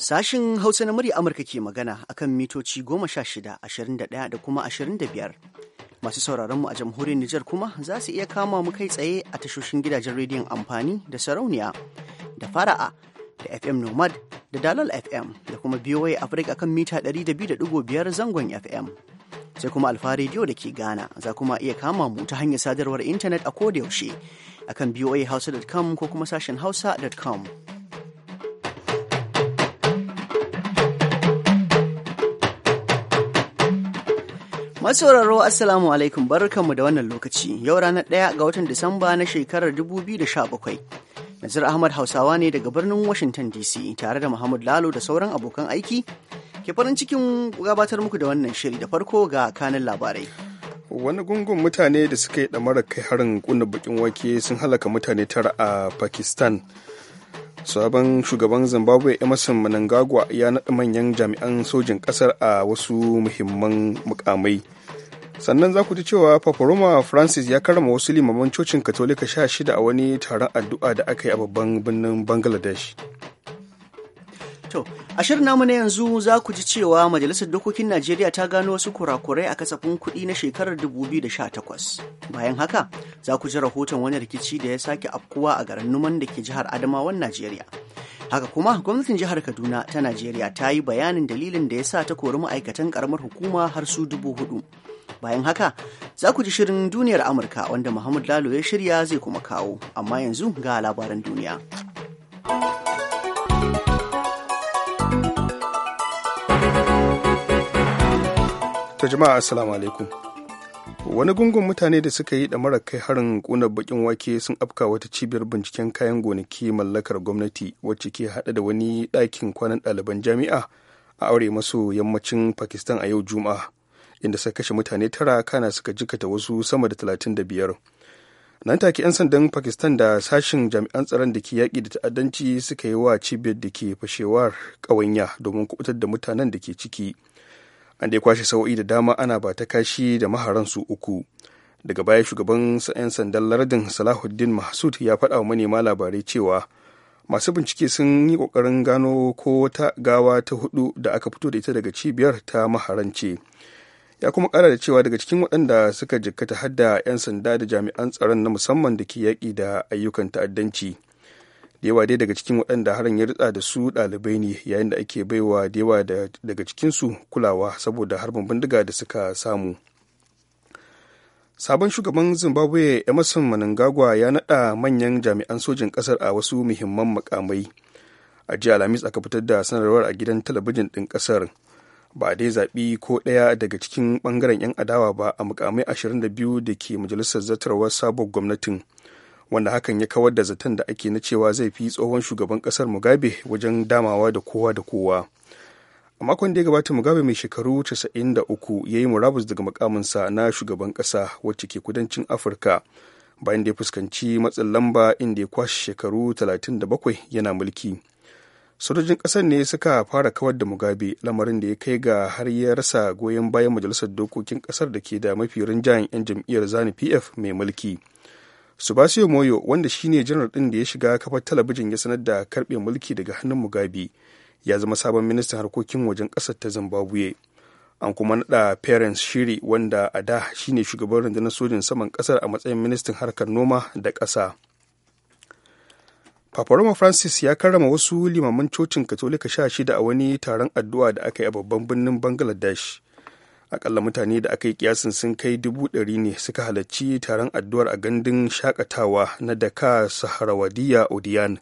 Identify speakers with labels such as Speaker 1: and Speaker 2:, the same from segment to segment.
Speaker 1: Sashen Hausa na murya Amurka ke magana akan mitoci goma sha shida, ashirin da ɗaya da kuma ashirin da biyar. Masu sauraronmu a jamhuriyar Nijar kuma za su iya kama mu kai tsaye a tashoshin gidajen rediyon amfani da sarauniya da fara'a da FM Nomad da Dalal FM da kuma BOA Africa kan mita biyar zangon FM. sai kuma alfa rediyo da ke Ghana za kuma iya kama mu ta hanyar sadarwar intanet a kodayaushe akan boahausa.com ko kuma sashen hausa.com. Masauraro Assalamu alaikum barkanmu da wannan lokaci yau ranar ɗaya ga watan Disamba na shekarar 2017. Nazir Ahmad Hausawa ne daga birnin Washington DC tare da Muhammad Lalo da sauran abokan aiki ke farin cikin gabatar muku da wannan shiri da farko ga kanin labarai. Wani gungun mutane da
Speaker 2: suka yi ɗamarar kai harin kunna bakin wake sun halaka mutane tara a Pakistan. Sabon shugaban Zimbabwe Emerson Mnangagwa ya naɗa manyan jami'an sojin ƙasar a wasu muhimman mukamai. sannan za ku ji cewa paparoma francis ya karama wasu limaman cocin katolika sha shida a wani taron addu'a da aka yi a babban birnin bangladesh
Speaker 1: to a shirin namu na yanzu za ku ji cewa majalisar dokokin najeriya ta gano wasu kurakurai a kasafin kuɗi na shekarar 2018 bayan haka za ku ji rahoton wani rikici da ya sake afkuwa a garin numan da ke jihar adamawan najeriya haka kuma gwamnatin jihar kaduna ta najeriya ta yi bayanin dalilin da ya sa ta kori ma'aikatan karamar hukuma har su dubu hudu Bayan haka, za ku ji shirin duniyar Amurka wanda Muhammad Lalo ya shirya zai kuma kawo, amma yanzu ga labaran duniya.
Speaker 2: ta jama'a assalamu alaikum. Wani gungun mutane da suka yi mara kai harin ƙunar bakin wake sun afka wata cibiyar binciken kayan gonaki mallakar gwamnati wacce ke haɗa da wani ɗakin kwanan ɗaliban jami'a a aure maso yammacin Pakistan a yau Juma'a. inda suka kashe mutane tara kana suka jikata wasu sama da talatin da biyar nan take 'yan sandan pakistan da sashen jami'an tsaron da ke yaƙi da ta'addanci suka yi wa cibiyar da ke fashewar ƙawanya domin kubutar da mutanen da ke ciki an dai kwashe sau'i da dama ana ba ta kashi da maharansu uku daga baya shugaban 'yan sandan lardin salahuddin mahsud ya faɗa wa manema labarai cewa masu bincike sun yi ƙoƙarin gano ko wata gawa ta hudu da aka fito da ita daga cibiyar ta maharance. ya kuma kara da cewa daga cikin waɗanda suka jikkata hadda 'yan sanda da jami'an tsaron na musamman da ke yaƙi da ayyukan ta'addanci da yawa dai daga cikin waɗanda harin ya ritsa da su ɗalibai ne yayin da ake baiwa da yawa daga cikinsu kulawa saboda harbin bindiga da suka samu sabon shugaban zimbabwe emerson manangagwa ya naɗa manyan jami'an sojin ƙasar a wasu muhimman makamai a jiya alhamis aka fitar da sanarwar a gidan talabijin ɗin ƙasar ba dai zaɓi ko ɗaya daga cikin ɓangaren 'yan adawa ba a mukamai 22 da ke majalisar zartarwar sabon gwamnatin wanda hakan ya kawar da zaton da ake na cewa zai fi tsohon shugaban ƙasar mugabe wajen damawa da kowa da kowa a makon da ya gabata mugabe mai shekaru 93 ya yi murabus daga mukaminsa na shugaban ƙasa wacce ke kudancin afirka bayan da ya fuskanci matsin lamba inda ya kwashe shekaru 37 yana mulki sojojin ƙasar ne suka fara kawar da mugabe lamarin da ya kai ga har ya rasa goyon bayan majalisar dokokin ƙasar da ke da mafi rinjayen 'yan jam'iyyar zani pf mai mulki subasio moyo wanda shine janar ɗin da ya shiga kafar talabijin ya sanar da karɓe mulki daga hannun mugabe ya zama sabon ministan harkokin wajen ƙasar ta zimbabwe an kuma naɗa parents shiri wanda a da shine shugaban rundunar sojin saman ƙasar a matsayin ministan harkar noma da ƙasa Paparoma Francis ya karrama wasu limaman cocin Katolika sha shida a wani taron addu'a da aka yi a babban birnin Bangladesh. Akalla mutane da aka yi kiyasin sun kai dubu ɗari ne suka halarci taron addu'ar a gandun shakatawa na Daka Saharawadiya Odiyan.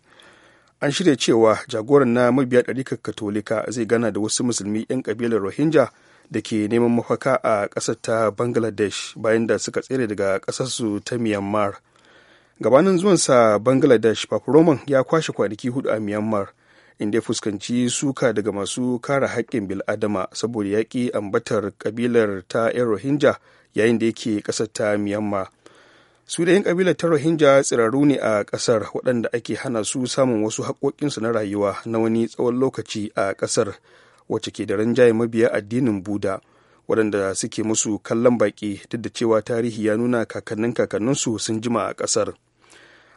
Speaker 2: An shirya cewa jagoran na mabiya ɗarikar Katolika zai gana da wasu musulmi 'yan ƙabilar Rohingya da ke neman mafaka a ƙasar ta Bangladesh bayan da suka tsere daga ƙasarsu ta Myanmar. gabanin zuwansa bangladesh paproman ya kwashe kwanaki hudu a myanmar inda ya fuskanci suka daga masu kare haƙƙin bil'adama saboda yaƙi ambatar kabilar ta 'yan rohingya yayin da yake ƙasar ta myanmar su da 'yan kabilar ta rohingya tsiraru ne a ƙasar waɗanda ake hana su samun wasu haƙoƙinsu na rayuwa na wani tsawon lokaci a ƙasar wacce ke da ranjaye mabiya addinin buda waɗanda suke musu kallon baƙi duk da cewa tarihi ya nuna kakannin kakanninsu sun jima a ƙasar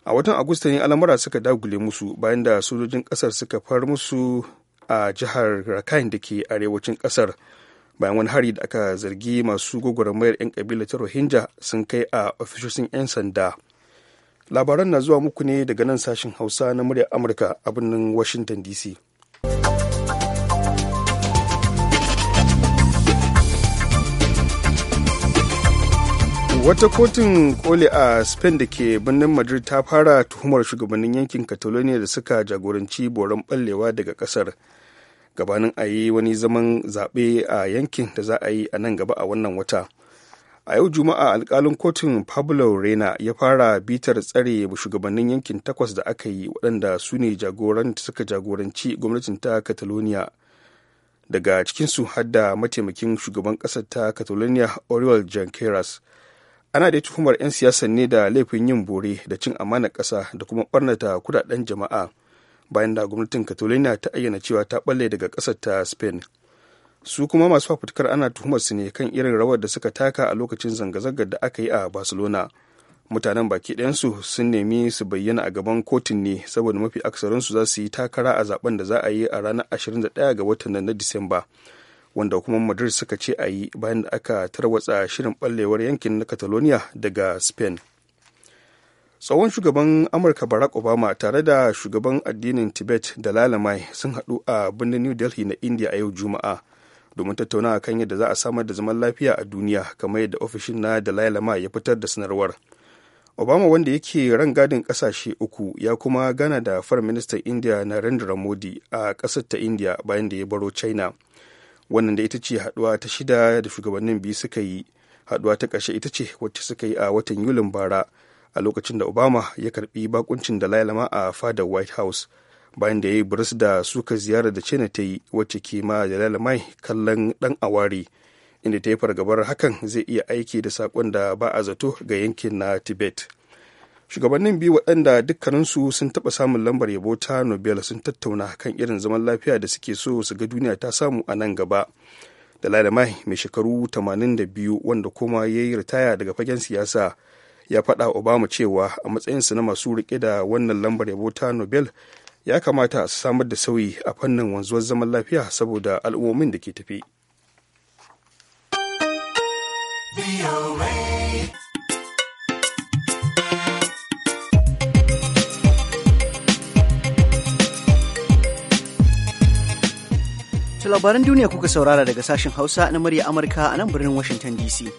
Speaker 2: a watan agusta ne al'amura suka dagule musu bayan da sojojin kasar suka far musu a jihar rakhine da ke arewacin kasar bayan wani hari da aka zargi masu gwagwarmayar 'yan kabilar ta rohingya sun kai a ofishoshin 'yan sanda labaran na zuwa muku ne daga nan sashen hausa na murya amurka a birnin washington dc wata kotun koli a spain da ke birnin madrid ta fara tuhumar shugabannin yankin catalonia da suka jagoranci boron ballewa daga kasar gabanin a yi wani zaman zaɓe a yankin da za a yi a nan gaba a wannan wata a yau juma'a alkalin kotun pablo rena ya fara bitar tsare shugabannin yankin takwas da aka yi waɗanda su ne suka jagoranci gwamnatin ta catalonia daga cikinsu har da mataimakin shugaban ƙasar ta catalonia oriol junqueras ana dai tuhumar 'yan siyasan ne da laifin yin bore da cin amanar ƙasa da kuma ɓarnata kudaden jama'a bayan da gwamnatin katolina ta ayyana cewa ta ɓalle daga ƙasar ta spain su kuma masu fafutukar ana tuhumar su ne kan irin rawar da suka taka a lokacin zanga-zangar da aka yi a barcelona mutanen baki ɗayansu sun nemi su bayyana a gaban kotun ne saboda mafi aksarinsu za su yi takara a zaben da za a yi a ranar 21 ga watan na disamba wanda kuma madrid suka ce a yi bayan da aka tarwatsa shirin ballewar yankin na catalonia daga spain tsohon shugaban amurka barack obama tare da shugaban addinin tibet da lalamai sun hadu a birnin new delhi na india a yau juma'a domin tattaunawa kan yadda za a samar da zaman lafiya a duniya kamar yadda ofishin na da ya fitar da sanarwar obama wanda yake ran gadin kasashe uku ya kuma gana da far ministan india narendra modi a ƙasar ta india bayan da ya baro china wannan da ita ce haduwa ta shida da shugabannin biyu suka yi haduwa ta ƙarshe ita ce wacce suka yi a watan yulin bara a lokacin da obama ya karbi bakuncin da lailama a fadar white house bayan da ya yi buris da suka ziyarar da china ta yi wacce ke ma da lalamai kallon dan awari inda ta yi fargabar hakan zai iya aiki da saƙon da ba a zato ga yankin na tibet shugabannin biyu waɗanda dukkaninsu sun taɓa samun lambar yabo ta nobel sun tattauna kan irin zaman lafiya da suke so su ga duniya ta samu a nan gaba da mai mai shekaru 82 wanda kuma ya yi ritaya daga fagen siyasa ya faɗa obama cewa a matsayinsu na masu riƙe da wannan lambar yabo ta nobel ya kamata su samar da sauyi a fannin wanzuwar zaman lafiya saboda al'ummomin da ke tafi.
Speaker 1: labaran duniya kuka saurara daga sashen Hausa na murya Amurka a nan birnin Washington DC.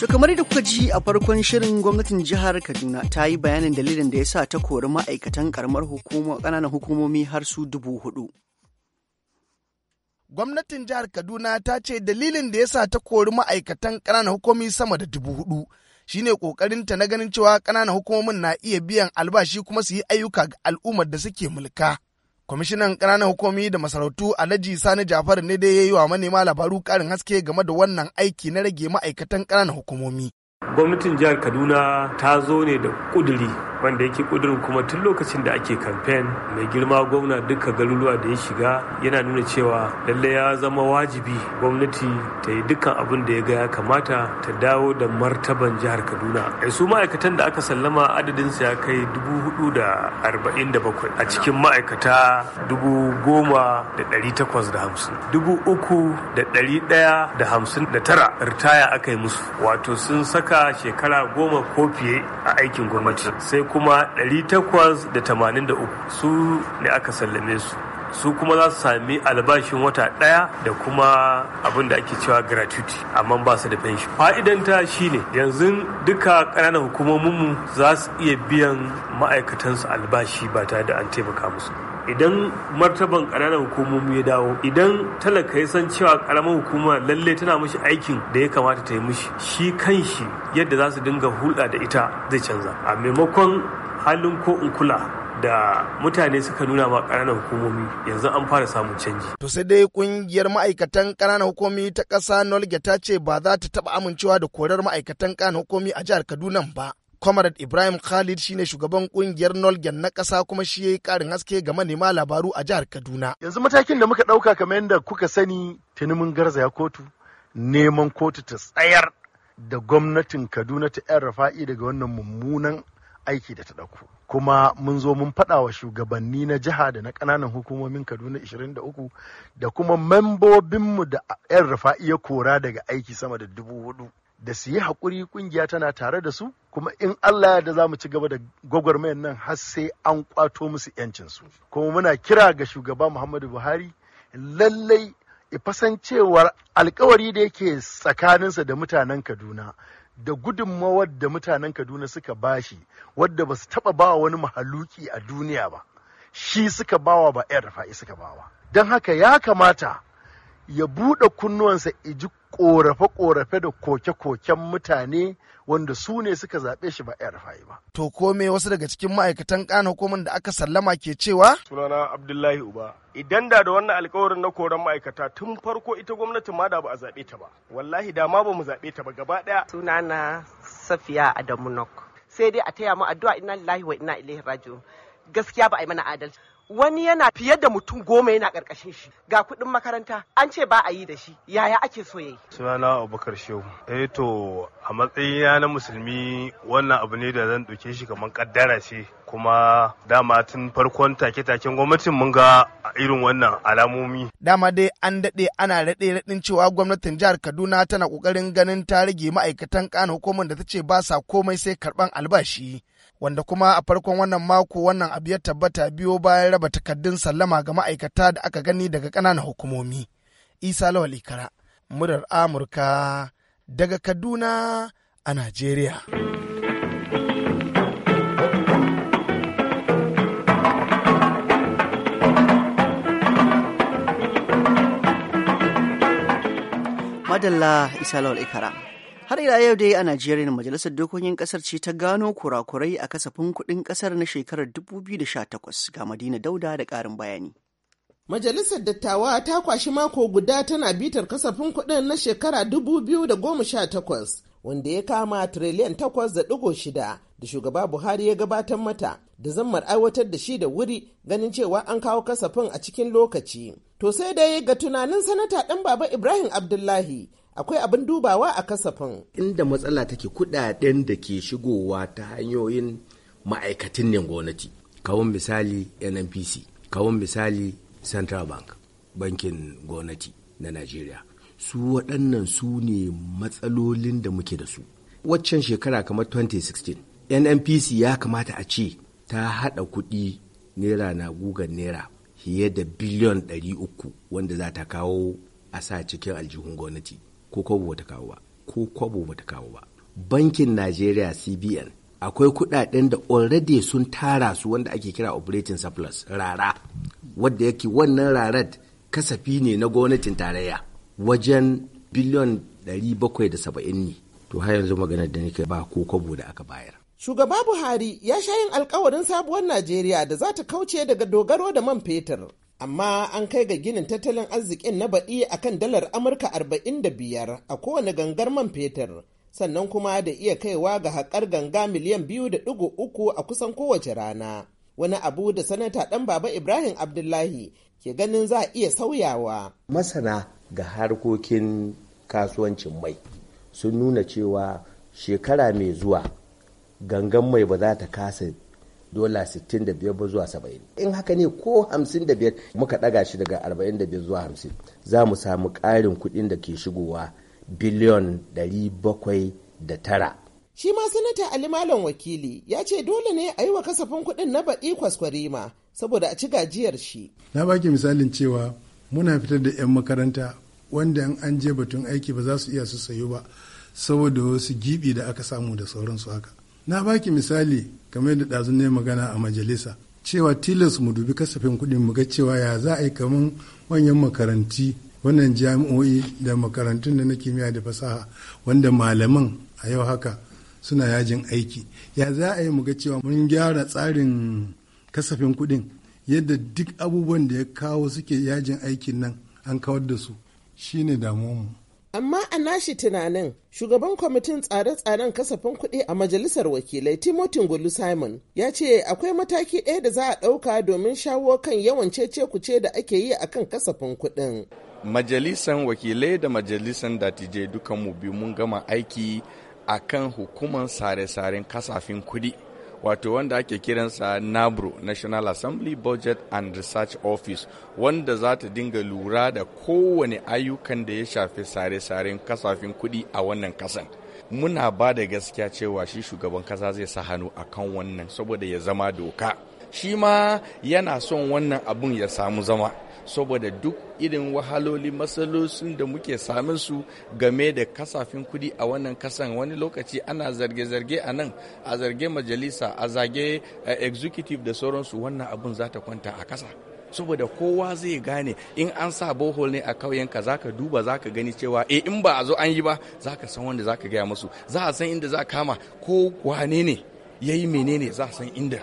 Speaker 1: To kamar da kuka ji a farkon shirin gwamnatin jihar Kaduna ta yi bayanin dalilin da ya sa ta kori ma'aikatan karamar ƙananan hukumomi har su dubu hudu. Gwamnatin
Speaker 3: jihar Kaduna ta ce dalilin da ya sa ta kori ma'aikatan kananan hukumomi sama da dubu hudu shine kokarinta na ganin cewa ƙananan hukumomin na iya biyan albashi kuma su yi ayyuka ga al'ummar da suke mulka. Kwamishinan ƙananan hukumomi da masarautu Alhaji Sani Jafar ne dai ya yi wa manema labaru ƙarin haske game da wannan aiki na rage ma'aikatan ƙananan hukumomi.
Speaker 4: Gwamnatin jihar Kaduna ta zo ne da ƙuduri wanda yake kudurin kuma tun lokacin da ake kamfen mai girma gwamna duka garuruwa da ya shiga yana nuna cewa lalle ya zama wajibi gwamnati ta yi dukkan abin da ya ga ya kamata ta dawo da martaban jihar kaduna eh, su ma'aikatan da aka sallama adadin su ya kai dubu da arba'in da bakwai a cikin ma'aikata dubu goma da ɗari takwas da hamsin dubu uku da ɗari ɗaya da hamsin da tara ritaya aka yi musu wato sun saka shekara goma ko fiye a aikin gwamnati sai kuma 883 su ne aka sallame su su kuma za su sami albashin wata ɗaya da kuma abin da ake cewa gratuity amma ba su da pension fa'idanta shine yanzu duka ƙananan hukumominmu za su iya biyan ma'aikatansu albashi ba tare da an taimaka musu idan martaban ƙananan hukumomi ya dawo idan talaka ya san cewa ƙaramar hukuma lalle tana mishi aikin da ya kamata ta yi mishi shi kan shi yadda za su dinga hulɗa da ita zai canza a maimakon halin ko in kula da mutane suka nuna ma ƙananan hukumomi yanzu an fara samun canji.
Speaker 3: To sai dai kungiyar ma'aikatan ƙananan hukumomi ta ƙasa Nolge ta ce ba za ta taɓa amincewa da korar ma'aikatan ƙananan hukumomi a jihar Kaduna ba. Comrade Ibrahim Khalid shine shugaban kungiyar Nolgen na kasa kuma shi ya yi karin haske ga manema labaru a jihar Kaduna. Yanzu matakin da muka ɗauka kamar yadda kuka sani tuni mun garzaya kotu neman kotu ta tsayar da gwamnatin Kaduna ta 'yan rafa'i daga wannan mummunan aiki da ta ɗauko. Kuma mun zo mun faɗa wa shugabanni na jiha da na ƙananan hukumomin Kaduna 23 da kuma membobinmu da 'yan rafa'i ya kora daga aiki sama da dubu hudu. Da su yi haƙuri ƙungiya tana tare da su kuma in Allah ya da za mu ci gaba da gwagwarmayar nan har sai an kwato musu 'yancinsu kuma muna kira ga shugaba Muhammadu Buhari lallai ifasancewar alkawari da yake tsakaninsa da mutanen Kaduna da gudunmawar da mutanen Kaduna suka bashi wadda ba su taɓa ba wani mahaluki a duniya ba shi suka bawa ba 'yan rafa'i suka bawa don haka ya kamata ya buɗe kunnuwansa iji korafe-korafe da koke-koken mutane wanda su ne suka zaɓe shi ba a rufayi ba. To kome wasu daga cikin ma'aikatan ƙana hukumar da aka sallama ke cewa? Sunana Abdullahi Uba. Idan da da wannan alkawarin na koran ma'aikata tun farko ita gwamnati ma da ba a zaɓe ta ba. Wallahi da ma ba mu zaɓe ta ba gaba ɗaya. Sunana
Speaker 5: Safiya Adamu Nok. Sai dai a taya mu addu'a inna lillahi wa inna ilaihi raji'un. Gaskiya ba a yi mana adalci. wani yana fiye da mutum goma yana karkashin shi ga kuɗin makaranta an ce ba a yi da shi
Speaker 4: yaya ake so yayi sunana abubakar shehu eh to a matsayina na musulmi wannan abu ne da zan ɗauke shi kamar kaddara ce kuma dama tun farkon take-taken gwamnatin mun ga irin wannan alamomi.
Speaker 3: Dama dai an daɗe ana raɗe raɗin cewa gwamnatin jihar Kaduna tana ƙoƙarin ganin ta rage ma'aikatan ƙan hukumar da ta ce ba sa komai sai karɓan albashi. wanda kuma a farkon wannan mako wannan abu ya tabbata biyo bayan raba takardun sallama ga ma'aikata da aka gani daga ƙananan hukumomi. Isa Lawal Ikara, murar Amurka daga Kaduna a Najeriya.
Speaker 1: Madalla Isa Lawal Ikara. har ila yau dai a najeriya majalisar dokokin kasar ce ta gano kurakurai a kasafin kuɗin kasar na shekarar 2018 ga madina dauda da karin bayani
Speaker 5: Majalisar Dattawa ta kwashi mako guda tana bitar kasafin kuɗin na shekara 2018 wanda ya kama tiriliyan 8.6 da shugaba Buhari ya gabatar mata da zammar aiwatar da shi da wuri ganin cewa an kawo kasafin a cikin lokaci. To sai dai ga tunanin sanata ɗan baba Ibrahim Abdullahi akwai abin dubawa a kasafin.
Speaker 6: Inda matsala take kudaden da ke shigowa ta hanyoyin ma'aikatan ne gwamnati. Kawun misali NNPC, kawun misali Central Bank, bankin gwamnati na Najeriya. Su waɗannan su ne matsalolin da muke da su. Waccan shekara kamar 2016, NNPC ya kamata a ce ta haɗa kuɗi naira na gugan naira fiye da biliyon 300 wanda za ta kawo a sa cikin aljihun gwamnati. ko kwabo bata kawo ba ko kwabo bata kawo ba bankin najeriya cbn akwai kudaden da already sun tara su wanda ake kira operating surplus rara wadda yake wannan rarar kasafi ne na gwamnatin tarayya wajen biliyon 770 ne to har yanzu maganar da nake ba ko kwabo da aka bayar
Speaker 5: shugaba buhari ya sha yin alkawarin sabuwar najeriya da za ta kauce daga dogaro da man fetur amma an kai ga ginin tattalin arzikin na baɗi a kan dalar amurka 45 a kowane gangar man fetur sannan kuma da iya kaiwa ga haƙar ganga miliyan biyu da a kusan kowace rana wani abu da sanata ɗan baba ibrahim abdullahi ke ganin za a iya sauyawa
Speaker 6: masana ga harkokin kasuwancin mai sun nuna cewa shekara mai zuwa gangan mai ba za ta kasa dola 65 ba zuwa 70 in haka ne ko 55 muka ɗaga shi daga 45 zuwa 50 za mu samu ƙarin kuɗin da ke shigowa biliyon 709
Speaker 5: shi ma sanata ali malam wakili ya ce dole ne a yi wa kasafin kuɗin na baɗi kwaskwarima saboda a ci gajiyar shi
Speaker 6: na baki misalin cewa muna fitar da 'yan makaranta wanda an je batun aiki ba za su iya su sayo ba saboda wasu gibi da aka samu da sauransu haka na baki misali kamar da ɗazun ne magana a majalisa cewa tilas mu dubi kasafin kuɗin mu ga cewa ya za a yi kamar manyan makaranti wannan jami'o'i da makarantun da na kimiyya da fasaha wanda malaman a yau haka suna yajin aiki ya za a yi mu ga cewa mun gyara tsarin kasafin kuɗin yadda duk abubuwan da ya kawo suke yajin aikin nan an kawar da su shine mu
Speaker 5: Amma a nashi tunanin shugaban kwamitin tsare-tsaren kasafin kuɗi a majalisar wakilai Timothy Gulu Simon ya ce akwai mataki ɗaya da za a ɗauka domin shawo kan yawan cece-kuce da ake yi a kan kasafin kuɗin.
Speaker 7: Majalisan wakilai da majalisan dattijai dukanmu biyu mun gama aiki akan hukumar sare-saren kasafin kuɗi. wato wanda ake kiransa nabro national assembly budget and research office wanda za ta dinga lura da kowane ayyukan da ya shafi sare-saren kasafin kuɗi a wannan kasan muna ba da gaskiya cewa shi shugaban kasa zai sa hannu a kan wannan saboda ya zama doka shi ma yana son wannan abun ya samu zama saboda duk irin wahaloli matsalolin da muke samun su game da kasafin kudi a wannan kasan wani lokaci ana zarge-zarge a nan a zarge majalisa a zage eh, executive da sauransu wannan abun za ta kwanta a kasa saboda kowa zai gane in an sa bohol ne a ƙauyenka za ka duba za ka gani cewa e in ba a zo an yi ba za ka san wanda za ka gaya musu za a san inda za kama ko wane ne ya yi menene za san inda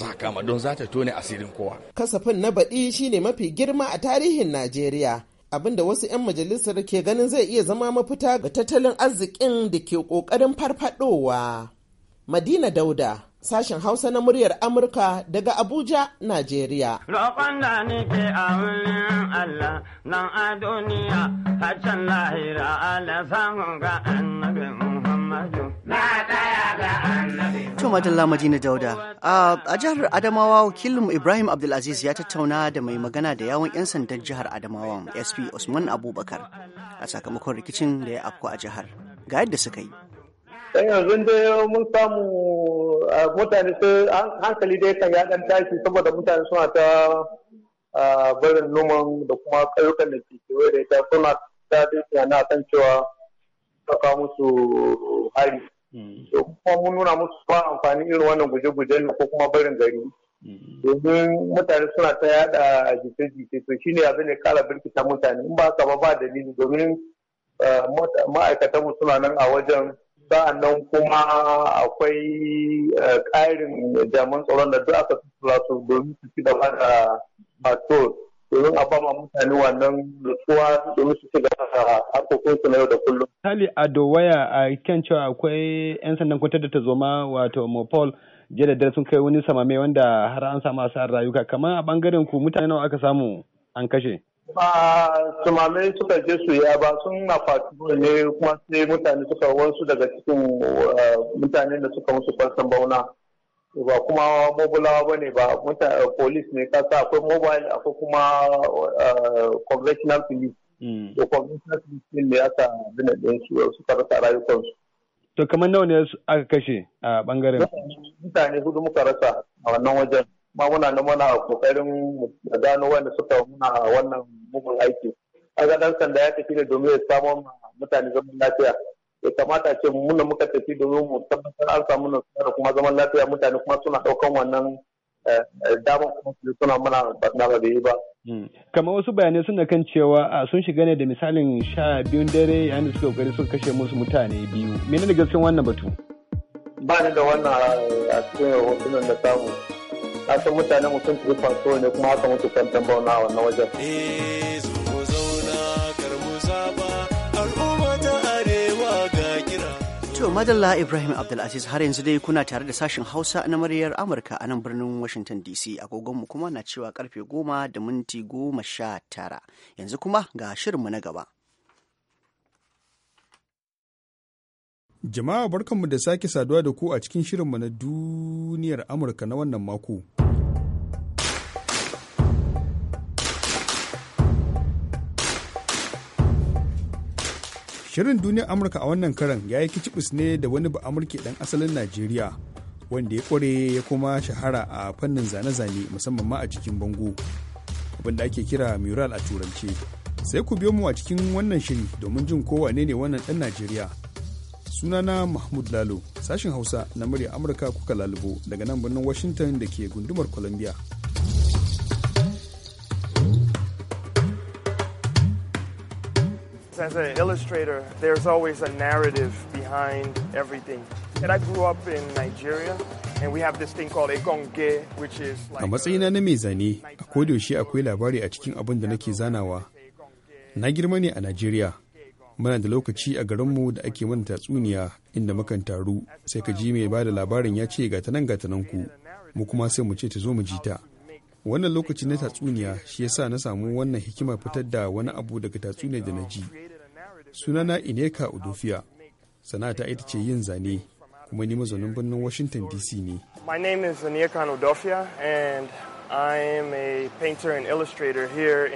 Speaker 7: za kama don za ta tone asirin
Speaker 6: kowa.
Speaker 5: Kasafin na baɗi shine mafi girma a tarihin Najeriya. abin da wasu 'yan majalisar ke ganin zai iya zama mafita ga tattalin arzikin da ke ƙoƙarin farfaɗowa. Madina Dauda, sashen Hausa na muryar Amurka daga Abuja, Najeriya. Roƙon da nake a wurin Allah nan a duniya, lahira Allah samun ga annabi Muhammadu. To
Speaker 1: Madalla Madina Dauda, a jihar Adamawa Wakilin Ibrahim Abdulaziz ya tattauna da mai magana da yawon 'yan sandan jihar Adamawa SP Usman Abubakar a sakamakon rikicin da ya afku a jihar. Ga yadda suka yi. Dan eh, yanzu
Speaker 8: dai mun samu mutane su hankali dai kan ya dan tashi saboda mutane suna ta barin noman da kuma ƙauyukan da ke kewaye da ita suna ta dai na kan cewa ta musu hari. to mm. kuma mun nuna musu ba amfani irin wannan guje-gujen ko kuma barin gari mm. domin mutane suna ta yada jite-jite to shine abin da kara birkita mutane in ba haka ba ba dalili domin eh, ma'aikatan mu suna nan a wajen sa'an nan kuma akwai eh, ƙarin jaman tsaron da duk aka su domin su ci gaba da patrol domin a bama mutane wannan nutsuwa domin su ci gaba su na yau da kullum.
Speaker 2: Hali a Dowaya a kan cewa akwai 'yan sandan kwatar da ta zoma wato Mopol jiya sun kai wani samame wanda har an samu asarar rayuka kamar a bangaren ku mutane nawa aka samu an kashe.
Speaker 8: Ba sumame suka je su ya ba sun na fatuwa ne kuma sai mutane suka wasu daga cikin eh, mutane da suka musu kwasan bauna. ba kuma mobulawa ba ne ba mutane police ne kasa akwai mobile akwai kuma eh, conventional police hmm. to conventional police ne aka bina ɗin su ka rasa rayukansu
Speaker 2: to kamar nawa ne aka kashe a bangaren
Speaker 8: mutane hudu muka rasa a wannan wajen ma muna nan muna kokarin da gano wanda suka muna wannan mugun aiki A ga dan sanda ya tafi da domin ya samu mutane zaman lafiya ya kamata ce muna muka tafi domin mu tabbatar an samu nasara da kuma zaman lafiya mutane kuma suna daukan wannan eh, eh, damar kuma suna mana ba da yi ba. Hmm.
Speaker 2: kamar wasu bayanai suna kan cewa ah, sun shiga ne da misalin sha biyun dare yayin da suka kokari suka kashe musu mutane biyu mene ne gaskiyan wannan batu
Speaker 8: ba ni da wannan ah, a cikin hotunan da samu na san mutane mutum su fanso ne kuma haka mutu kan tambawa a wannan wajen. Eh.
Speaker 1: To madalla Ibrahim Abdulaziz har yanzu dai kuna tare da sashen Hausa na muryar Amurka a nan birnin Washington DC agogonmu kuma na cewa karfe goma da minti goma sha tara. Yanzu kuma ga shirinmu na gaba.
Speaker 2: Jama'a barkanmu da sake saduwa da ku a cikin shirinmu na duniyar Amurka na wannan mako. Shirin duniyar Amurka a wannan karan ya yi kicibis ne da wani ba Amurka ɗan asalin Najeriya wanda ya kware ya kuma shahara a fannin zane-zane musamman ma a cikin bango abinda ake kira mural a turance sai ku biyo mu a cikin wannan shiri domin jin ko wane ne wannan ɗan najeriya sunana mahmud lalo sashin hausa na murya amurka kuka lalubo daga nan birnin washington da ke gundumar columbia
Speaker 9: As an illustrator, there's always a narrative behind everything. And I grew up in Nigeria, and we have this thing called Ekonge, which is like... A
Speaker 2: matsayina na mai zane, a kodayaushe akwai labari a cikin abin da nake zanawa. Na girma ne a Najeriya. Muna da lokaci a garinmu da ake mana tatsuniya inda mukan taru, sai ka ji mai ba da labarin ya ce ga tanan ga tanan ku, mu kuma sai mu ce ta zo mu ji ta. wannan lokaci na tatsuniya shi yasa na samu wannan hikimar fitar da wani abu daga tatsuniya da na ji sunana ineka udofiya sana'ata ita ce yin zane kuma ni mazaunin birnin washington dc ne
Speaker 9: my name is ineka and i am a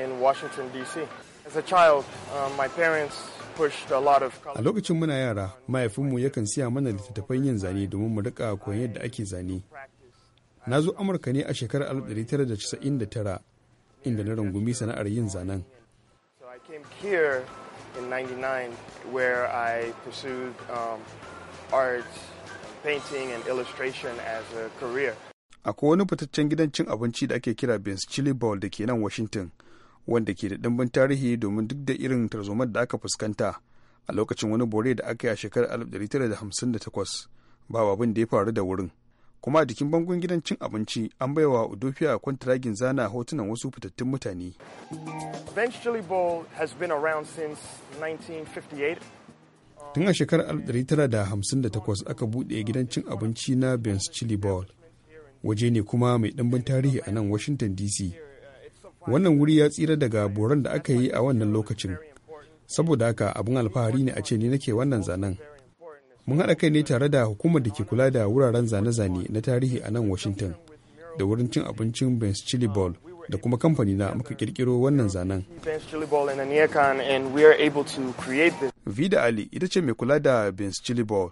Speaker 9: in washington dc as a child um, my parents A
Speaker 2: lokacin muna yara, mahaifinmu yakan siya mana littattafan yin zane domin mu rika koyon yadda ake zane. na zo amurka ne a shekarar 1999 inda na rungumi sana'ar yin zanen akwai wani fitaccen gidan cin abinci da ake kira Ben's Chili ball da ke nan Washington, wanda ke da ɗimbin tarihi domin duk da irin tarzomar da aka fuskanta a lokacin wani bore da aka yi a shekarar 1958 ba abin da ya faru da wurin. kuma a jikin bangon gidan cin abinci an baiwa Udofia kwantiragin zana hotunan wasu fitattun mutane.
Speaker 9: Bowl has been around since 1958.
Speaker 2: Tun a shekarar 1958 aka buɗe gidan cin abinci na bens Chili ball Waje ne kuma mai ɗimbin tarihi a nan Washington DC. Wannan wuri ya tsira daga boran da aka yi a wannan lokacin. Saboda haka abin alfahari ne a ce ni nake wannan zanen. mun haɗa kai ne tare da hukumar da ke kula da wuraren zane-zane na tarihi a nan washington da wurin cin abincin ben's chili ball da kuma kamfani na muka kirkiro wannan zanen vida ali ita ce mai kula da ben's chili ball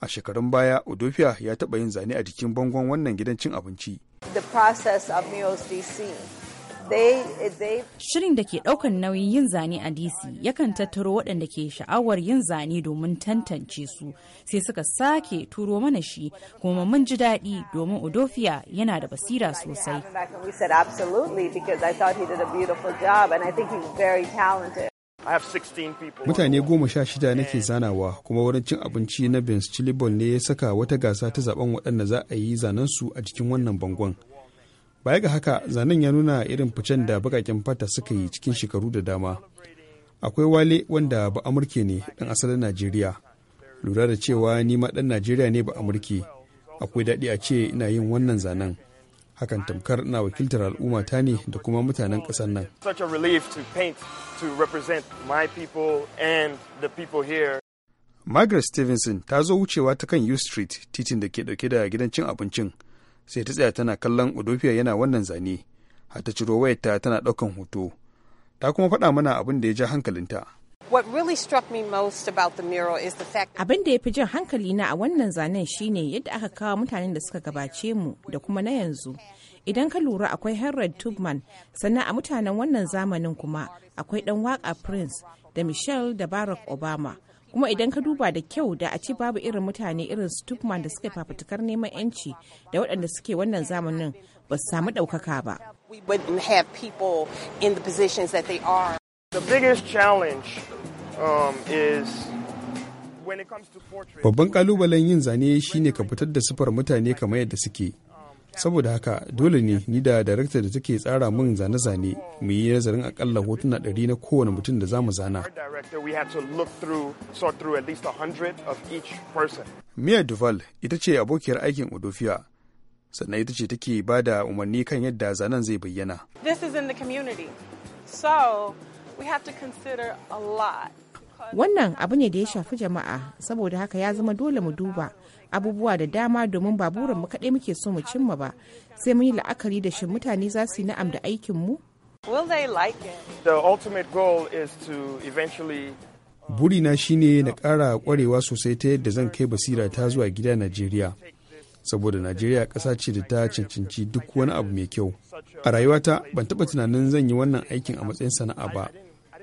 Speaker 2: a shekarun baya odofia ya taɓa yin zane a jikin bangon wannan gidan cin abinci
Speaker 10: the process of meals Eh, Shirin da ke ɗaukan nauyin yin zane a DC yakan tattaro waɗanda ke sha'awar yin zane domin tantance su sai suka sake turo mana shi kuma mun ji daɗi domin Odofia yana da basira sosai.
Speaker 8: Mutane
Speaker 2: goma sha shida nake zanawa kuma wurin cin abinci na Vince Chilibon ne ya saka wata gasa ta zaben waɗanda za a yi zanensu a jikin wannan bangon. baya ga haka zanen ya nuna irin ficen da bakakin fata suka yi cikin shekaru da dama akwai wale wanda ba amurke ne dan asalin najeriya lura da cewa ni ma dan najeriya ne ba amurke akwai daɗi a ce ina yin wannan zanen hakan tamkar na wakiltar al'umma ta ne da kuma mutanen ƙasar nan margaret stevenson ta zo wucewa ta kan u street titin da ke dauke da gidan cin abincin sai ta tsaya tana kallon odofia yana wannan zane har ta ciro wayarta tana ɗaukan hoto ta kuma faɗa mana abin da ya ja hankalinta
Speaker 10: Abin da ya fi jin hankali na a wannan zanen shine yadda aka kawo mutanen da suka gabace mu da kuma na yanzu. Idan ka lura akwai Harold Tubman, sannan a mutanen wannan zamanin kuma akwai ɗan waka Prince da Michelle da Barack Obama. kuma idan ka duba da kyau da a ce babu irin mutane irin Stuckman da suke fafutukar neman yanci da waɗanda suke wannan zamanin ba su samu ɗaukaka ba.
Speaker 9: Um,
Speaker 2: Babban kalubalen yin zane shine ka fitar da sufar mutane kamar yadda suke. saboda haka dole ne ni da darakta da take tsara min zane-zane mu yi nazarin akalla hotuna ɗari na kowane mutum da za mu zana mia duval ita ce abokiyar aikin Odofia sannan ita ce take ba da umarni kan yadda zanen zai bayyana
Speaker 10: wannan abu ne da ya shafi jama'a saboda haka ya zama dole mu duba abubuwa da dama domin ba mu kaɗai muke so mu cimma ba sai mun yi la'akari da shin mutane za su yi na'am da aikin mu uh,
Speaker 2: buri na shine na ƙara ƙwarewa sosai ta yadda zan kai basira ta zuwa gida Najeriya. Saboda Najeriya ƙasa ce da ta cancanci duk wani abu mai kyau. A rayuwata ban taɓa tunanin zan yi wannan aikin a matsayin sana'a ba.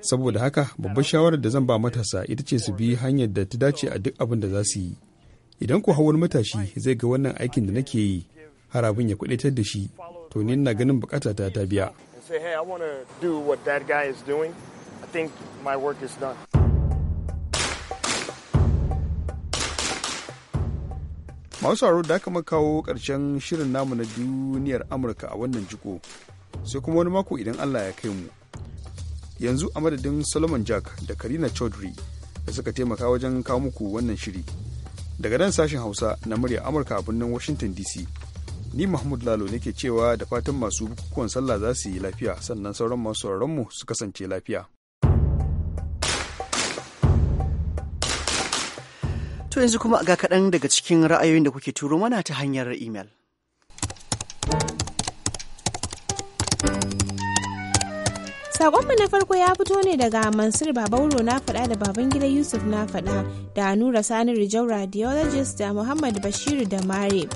Speaker 2: Saboda haka babbar shawarar da zan ba matasa ita ce su bi hanyar da ta dace a duk abin da za su yi. idan ku hawar matashi zai ga wannan aikin da nake yi har abin ya kudatar da shi to ni ina ganin bukata ta ta biya masu tsaro da aka kawo karshen shirin namu na duniyar amurka a wannan jiko sai kuma wani mako idan allah ya kai mu yanzu a madadin solomon jack da karina chaudhry da suka taimaka wajen kawo muku wannan shiri daga nan sashen hausa na murya amurka a birnin washington dc ni mahmud lalo nake cewa da fatan masu bukukuwan sallah za su yi lafiya sannan sauran masu mu su kasance lafiya
Speaker 1: to yanzu kuma ga kaɗan daga cikin ra'ayoyin da kuke turo mana ta hanyar email.
Speaker 10: Sakonmu na farko ya fito ne daga Mansur Babauro na faɗa da baban gida Yusuf na faɗa da Nura Sani Rijau Radiologist da Muhammad Bashiru da Mare.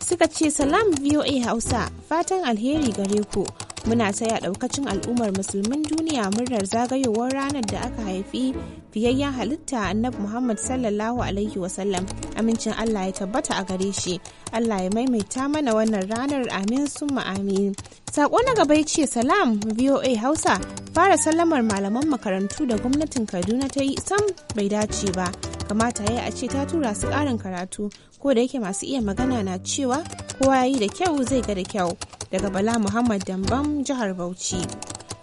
Speaker 10: Suka ce salam VOA Hausa fatan alheri gare ku. Muna saya ɗaukacin al'ummar musulmin duniya murnar zagayowar ranar da aka haifi fiyayyen halitta annabi Muhammad sallallahu alaihi wasallam amincin Allah ya tabbata a gare shi. Allah ya maimaita mana wannan ranar amin summa amin. Sako na gaba ya ce salam VOA Hausa fara sallamar malaman makarantu da gwamnatin Kaduna ta yi sam bai dace ba. Kamata ya a ce ta tura su ƙarin karatu ko da yake masu iya magana na cewa kowa ya yi da kyau zai ga da kyau. Daga Bala Muhammad Dambam jihar Bauchi.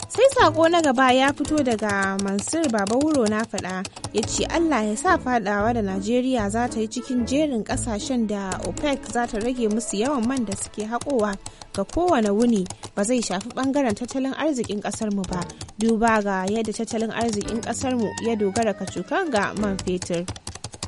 Speaker 10: sai sako na gaba ya fito daga mansur baba wuro na faɗa ya ce allah ya sa fadawa da najeriya za ta yi cikin jerin ƙasashen da opec za ta rage musu yawan man da suke haƙowa ga kowane wuni ba zai shafi ɓangaren tattalin arzikin ƙasarmu ba duba ga yadda tattalin arzikin ƙasarmu ya dogara ka kacukan ga man fetur.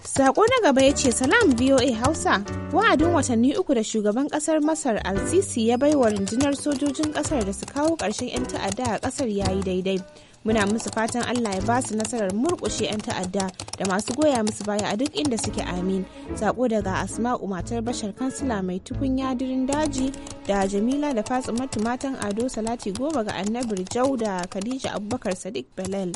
Speaker 10: Sako na gaba ya ce salam VOA Hausa wa'adin watanni uku da shugaban kasar Masar al-Sisi ya baiwa rundunar sojojin kasar da su kawo ƙarshen 'yan ta'adda a kasar yayi daidai. muna musu fatan allah ya ba su nasarar murƙushe 'yan ta'adda da masu goya musu baya a duk inda suke amin sako daga asma'u matar bashar kansila mai tukunya dirin daji da jamila da fatsimatu matan ado salati goma ga annabi jau da khadija abubakar sadiq belal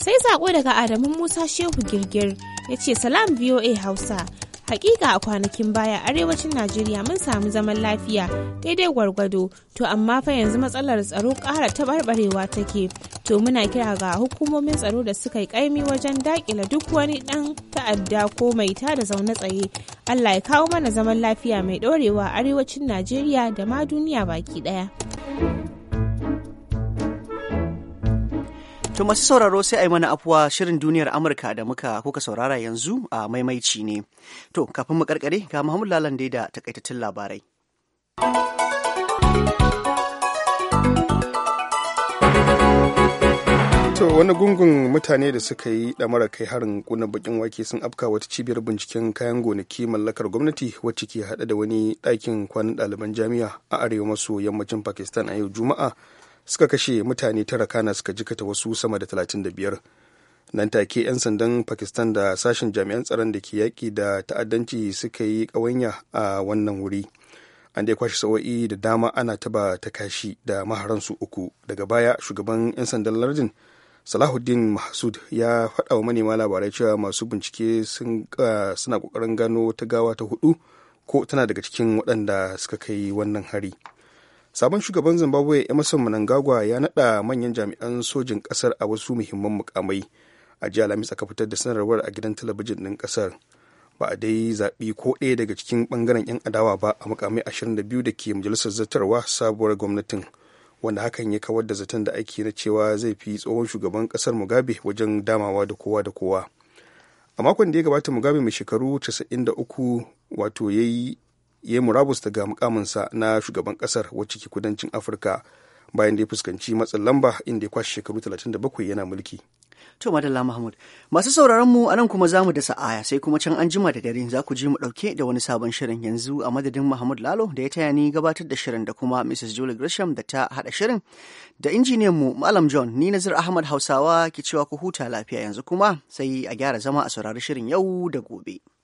Speaker 10: sai sako daga adamu musa shehu girgir ya ce salam voa hausa Hakika a kwanakin baya arewacin Najeriya mun samu zaman lafiya daidai gwargwado to amma fa yanzu matsalar tsaro ƙara taɓarɓarewa take to muna kira ga hukumomin tsaro da suka yi ƙaimi wajen daƙile duk wani ɗan ta'adda ko mai da zaune tsaye Allah ya kawo mana zaman lafiya mai ɗorewa arewacin Najeriya da ma duniya baki ɗaya.
Speaker 1: To masu sauraro sai a yi mana afuwa shirin duniyar Amurka da muka kuka saurara yanzu a maimaici ne. To kafin mu karkare ga Muhammad Lalan dai da takaitattun labarai.
Speaker 2: To wani gungun mutane da suka yi ɗamara kai harin kuna bakin wake sun afka wata cibiyar binciken kayan gonaki mallakar gwamnati wacce ke haɗe da wani ɗakin kwanan ɗaliban jami'a a arewa maso yammacin Pakistan a yau Juma'a suka kashe mutane tara kana suka jikata wasu sama da 35 nan take 'yan sandan pakistan da sashen jami'an tsaron da ke yaƙi da ta'addanci suka yi ƙawanya a wannan wuri an dai kwashe sa'o'i da dama ana taba ta kashi da maharansu uku daga baya shugaban 'yan sandan lardin salahuddin mahsud ya faɗa wa manema labarai cewa masu bincike suna ƙoƙarin gano ta gawa ta hudu ko tana daga cikin waɗanda suka kai wannan hari. sabon shugaban zimbabwe emerson mnangagwa ya naɗa manyan jami'an sojin ƙasar a wasu muhimman mukamai a jiya alhamis aka fitar da sanarwar a gidan talabijin ɗin kasar ba a dai zaɓi ko ɗaya daga cikin ɓangaren 'yan adawa ba a mukamai ashirin da da ke majalisar zartarwa sabuwar gwamnatin wanda hakan ya kawar da zaton da ake na cewa zai fi tsohon shugaban ƙasar mugabe wajen damawa da kowa da kowa a makon da ya gabata mugabe mai shekaru 93 wato ya yi ya yi murabus daga mukaminsa na shugaban kasar wacce ke kudancin afirka bayan da ya fuskanci matsin lamba
Speaker 1: inda ya kwashe shekaru talatin da 37 yana mulki to madalla mahmud masu sauraron mu nan kuma za mu da sa'aya sai kuma can anjima da dare za ku ji mu ɗauke da wani sabon shirin yanzu a madadin mahmud lalo da ya taya ni gabatar da shirin da kuma mrs julie gresham da ta hada shirin da injiniyan mu malam john ni nazir ahmad hausawa ke cewa ku huta lafiya yanzu kuma sai a gyara zama a saurari shirin yau da gobe